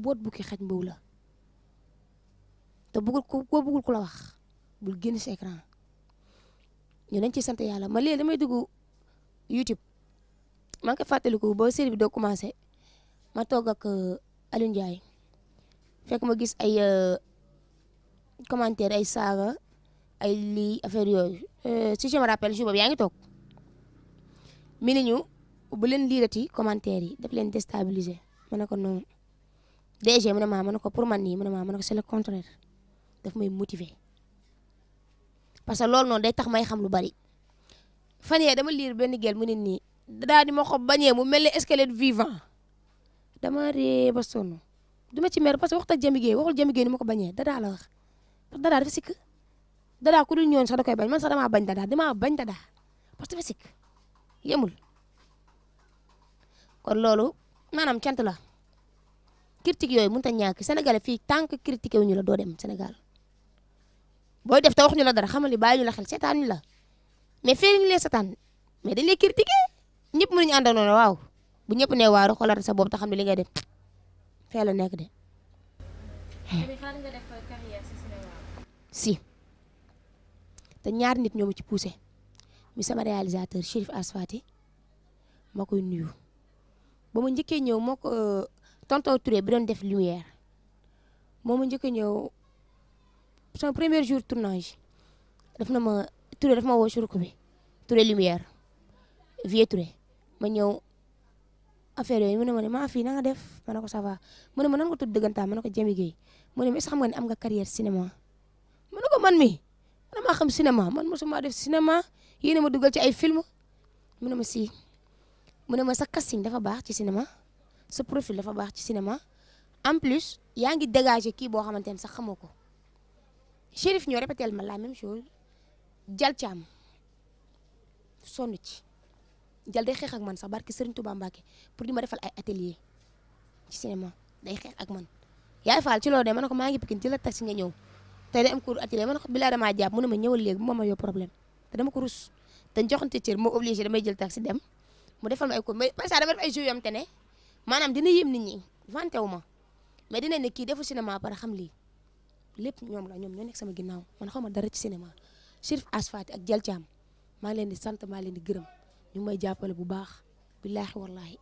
boot bukki xaj mbaw la te bëggul ko koo bëggul ku la wax bul génn si écran ñu dañ ci sant yàlla ma léegi damay dugg YouTube maa ngi koy fàttaliku ba série bi commencé ma toog ak euh, Aliou Ndiaye fekk ma gis ay euh, commentaire ay saaga ay lii affaire yooyu euh, si je me jour boobu yaa ngi toog mi leen liirati commentaire yi daf leen déstabiliser ma ne ko DG mu ne ma ne ko pour man nii mu ne maa ma ne ko c'est le contraire daf parce que loolu noonu day tax may xam lu bari fan yee dama liir benn gel mu ne nii daal di ma ko bañee mu mel ni squelette vivant dama ree ba sonn du ma ci mer parce que waxta Jami Gueye waxul Jami Gueye ni ma ko bañee dadaa la wax parce que dadaa dafa sikk dadaa ku dul ñooñ sa da koy bañ man sax damaa bañ dadaa damaa bañ parce que dafa sikk yemul kon loolu maanaam cant la. critique yooyu mënut a ñàkk Sénégalais fii tant que critiqué wu ñu la doo dem Sénégal booy def te wax ñu la dara xamal ni bàyyi ñu la xel seetaan ñu la mais fii ñu lay seetaan mais dañ lay critiqué ñëpp mënuñu àndandoo ne waaw bu ñëpp nee waaru xoolal sa bopp te xam ne li ngay def fee la nekk de. si te ñaar nit ñoo ma ci poussé mi sama réalisateur Chérif Asfati ma koy nuyu ba ma njëkkee ñëw moo ko tonton Touré bi doon def lumière moom mu njëkk a ñëw son premier jour tournage daf na ma Touré daf ma woo surku bi Touré lumière vieux ma ñëw affaire yooyu mu ne ma ne maa fii na def ma ne ko ça va mu ne ma nan nga tudd dëggantaan ma ne ko Jami Guèye mu ne ma est-ce que xam nga ne am nga carrière cinéma ma ne man mi man maa xam cinéma man def cinéma yéen a ma dugal ci ay film mu ne ma si mu ne ma sa casting dafa baax ci cinéma. ce profil dafa bax ci cinéma en plus yaa ngi dégagé kii boo xamante sax xamoko ko Chérif ñoo répété ma la même chose jal sonu ci jal day xeex ak man sax barki Serigne Touba mbake pour di ma defal ay atelier ci cinéma day xeex ak man yaay faal ci loolu de ma ne ko maa ngi Pikine jëlal taxi nga ñëw té day am cours atelier ma ne ko bilaa mu ne ma ñëwal léegi bu ma ma problème té dama ko rouss té joxante cër mo obligé dama jël taxi dem mu defal ma ay cours mais man sax dama def ay jours yoo xamante ne maanaam dina yéem nit ñi vanté wu ma mais dina ne kii defu cinéma bara xam lii lépp ñoom la ñoom ñoo nekk sama ginnaaw man xaw ma dara ci cinéma Chérif Asfaty ak Jal Thiam maa ngi leen di sant maa leen di gërëm ñu may jàppale bu baax billaahi wallaahi